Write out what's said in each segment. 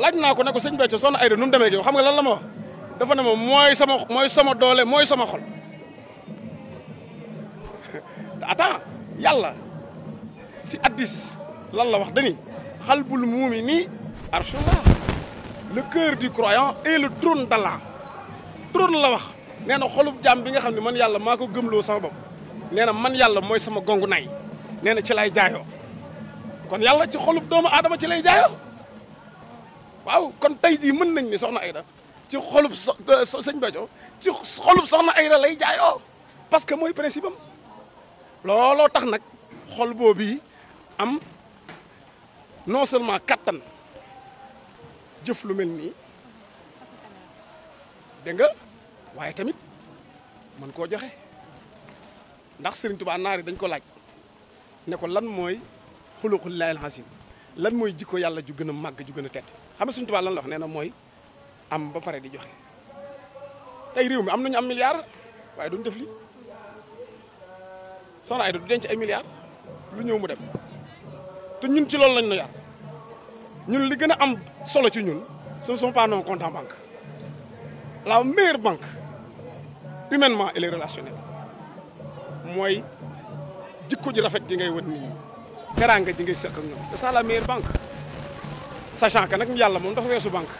laaj naa ko ne sëñ Béthio Soxna Aida nu demee yow xam nga lan la ma wax dafa ne ma mooy sama mooy sama doole mooy sama xol attends yàlla si addis lan la wax dani xalbul muumini arshullah le cœur du croyant et la wax nee na xolub jaam bi nga xam ne man yàlla maa ko gëmloo sama bopp nee na man yàlla mooy sama gongu nay nee na ci lay jaayoo kon yàlla ci xolub doomu aadama ci lay jaayoo waaw kon tey jii mën nañ ni soxna Aida ci xolub sëñ Béthio ci xolub soxna Aida lay jaayoo parce que mooy principe looloo tax nag xol boobu am non seulement kattan jëf lu mel nii dégg nga waaye tamit mën koo joxe ndax Serigne Touba naari dañ ko laaj ne ko lan mooy xuluqul laahil hasim lan mooy jikko yàlla ju gën a màgg ju gën a tedd xam nga suñu tubaab lan la wax na mooy am ba pare di joxe tey réew mi am nañu am milliard waaye duñ def li soxna Ayda du denc ay milliard lu ñëw mu dem te ñun ci loolu lañ la yar ñun li gën a am solo ci ñun ce ne sont pas nos banque la meilleure banque humainement et relationnelle mooy jikko ji rafet di ngay won nii teraanga ji ngay seq ak ñoom c'est ça la meilleure banque sachant que nag yàlla moom dafa weesu banque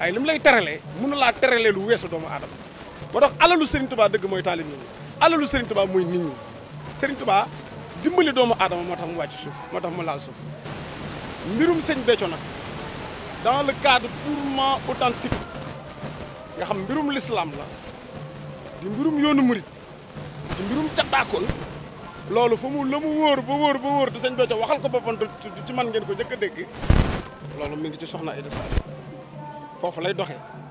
ay li mu lay teralee mën na laa teralee lu weesu doomu aadama moo tax alalu Serigne Touba dëgg mooy taalib nit ñi alalu Serigne Touba mooy nit ñi Serigne Touba dimbali doomu adama moo tax mu wàcc suuf moo tax mu laal suuf mbirum sëñ Béthio nag dans le cadre purement authentique nga xam mbirum l'islam la di mbirum yoonu murit di loolu fu mu la mu wóor ba wóor ba wóor te sëñ Béthio waxal ko boppam ci man ngeen ko njëkk a dégg loolu mi ngi ci soxna Aïda Sall foofu lay doxee